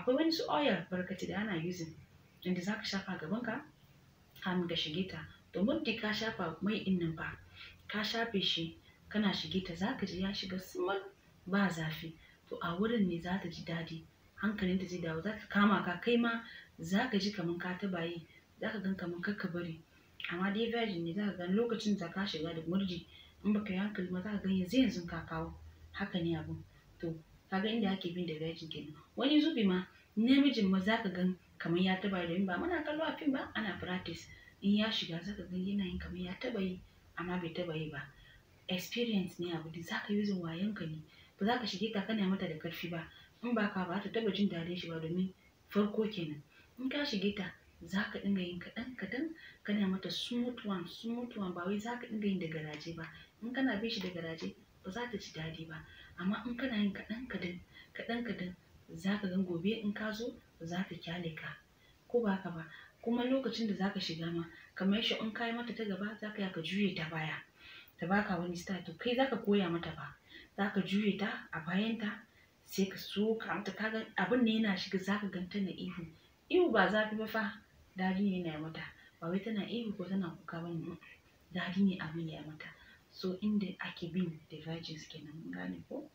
akwai wani su oil barkati da ana using inda ka shafa gaban ka hannu ka shige ta to muddin ka shafa mai din nan ba ka shafe shi kana shige ta ka ji ya shiga small ba zafi to a wurin ne za ta ji daɗi hankalin da zai dawo za ka kama ka kai ma za ka ji kaman ka taba yi za ka gan kaman ka bari amma dai virgin ne za ka gan lokacin da ka shiga da murji in baka yi hankali ma za ka gan yanzu yanzu ka kawo haka ne abun to kaga inda ake bin da gaji kenan wani zubi ma namijin ma zaka gan kamar ya taba da ba muna kallo a fim ba ana practice in ya shiga zaka gan yana yin kamar ya taba yi amma bai taba yi ba experience ne abu da zaka yi wayan ka ne ba zaka shige ta kana mata da karfi ba in ba ka ba ta taba jin dare shi ba domin farko kenan in ka shige ta zaka dinga yin kadan-kadan? kana mata smooth one smooth one ba wai za ka dinga yin da garaje ba in kana bin shi da garaje ba za ta ci daɗi ba amma in kana yin kaɗan kaɗan kaɗan kaɗan za ka gan gobe in ka zo za ta kyale ka ko ba ka ba kuma lokacin da za ka shiga ma kamar shi in kayi mata ta gaba za ka ka juye ta baya ta baka wani style to kai za ka koya mata ba za ka juye ta a bayanta sai ka so ka mata ka abin ne yana shiga za ka ganta na ihu ihu ba zafi ba fa dadi ne yana mata ba wai tana ihu ko tana kuka ba ne daɗi ne abin ya mata so inda ake bin divergence kenan mun gane ko